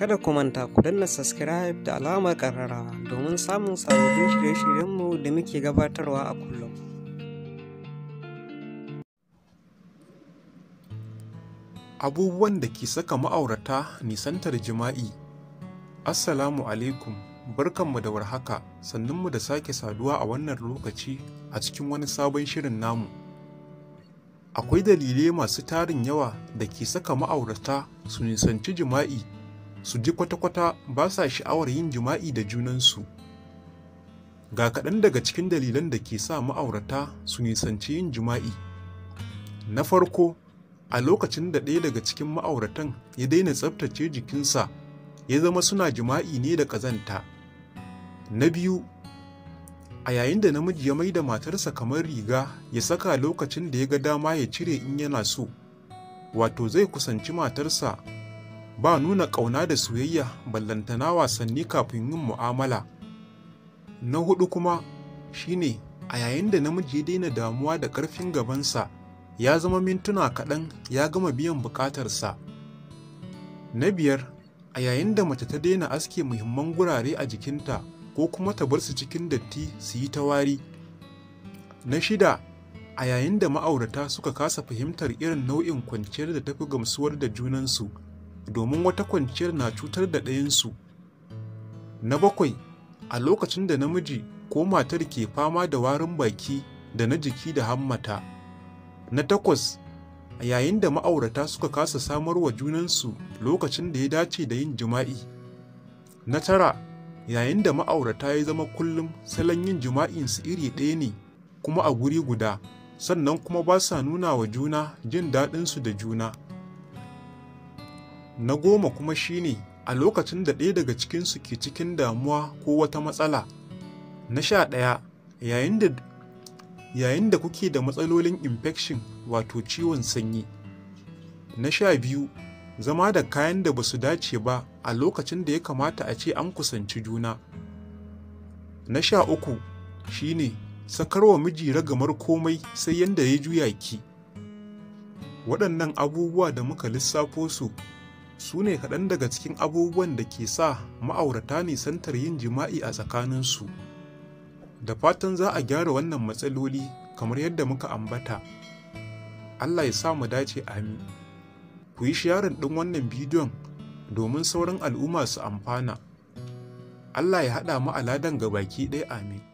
Kada ku manta ku danna subscribe da alamar ƙararrawa domin samun sababbin shirye-shiryenmu da muke gabatarwa a kullum. Abubuwan da ke saka ma'aurata nisantar jima'i. Assalamu alaikum, barkanmu da warhaka, mu da sake saduwa a wannan lokaci a cikin wani sabon shirin namu. akwai dalilai masu tarin yawa da ke saka ma'aurata su nisanci jima'i su ji kwata-kwata ba sa sha'awar yin jima'i da junansu. Ga kaɗan daga cikin dalilan da ke sa ma'aurata su nisanci yin jima'i. Na farko, a lokacin da ɗaya daga cikin ma'auratan ya daina tsabtace jikinsa, ya zama suna jima'i ne da ƙazanta. Na biyu, a yayin da namiji ya maida matarsa kamar riga ya saka lokacin da ya ga dama ya cire in yana so wato zai kusanci matarsa ba nuna ƙauna da soyayya ballantana wasanni kafin yin mu'amala na hudu kuma shine a yayin da namiji ya daina damuwa da ƙarfin gabansa ya zama mintuna kaɗan ya gama biyan buƙatarsa na biyar a yayin da mace ta daina aske muhimman gurare a jikinta ko kuma ta bar su cikin datti su yi ta wari na shida a yayin da ma'aurata suka kasa fahimtar irin nau'in kwanciyar da tafi gamsuwar da junansu domin wata kwanciyar na cutar da ɗayansu. Na bakwai, a lokacin da namiji ko matar ke fama da warin baki da na jiki da hammata. Na takwas, a yayin da ma'aurata suka kasa samar wa junansu lokacin da ya dace da yin jima'i. Na tara, yayin da ma'aurata ya zama kullum salon yin jima'insu iri ɗaya ne kuma a guri guda, sannan kuma ba sa nuna wa juna jin daɗinsu da juna. Na goma kuma shine a lokacin da ɗaya daga cikinsu ke cikin damuwa ko wata matsala. Na sha ɗaya yayin da kuke da matsalolin infection wato ciwon sanyi. Na sha biyu zama da kayan da ba su dace ba a lokacin da ya kamata a ce an kusanci juna. Na sha uku shine sakarwa miji ragamar komai sai yadda ya juya ki. Waɗannan abubuwa da muka lissafo su su ne kaɗan daga cikin abubuwan da ke sa ma'aurata nisantar yin jima'i a tsakaninsu. Da fatan za a gyara wannan matsaloli kamar yadda muka ambata. Allah ya sa mu dace amin. Ku yi sharing ɗin wannan bidiyon domin sauran al'umma su amfana. Allah ya haɗa mu aladan baki ɗaya amin.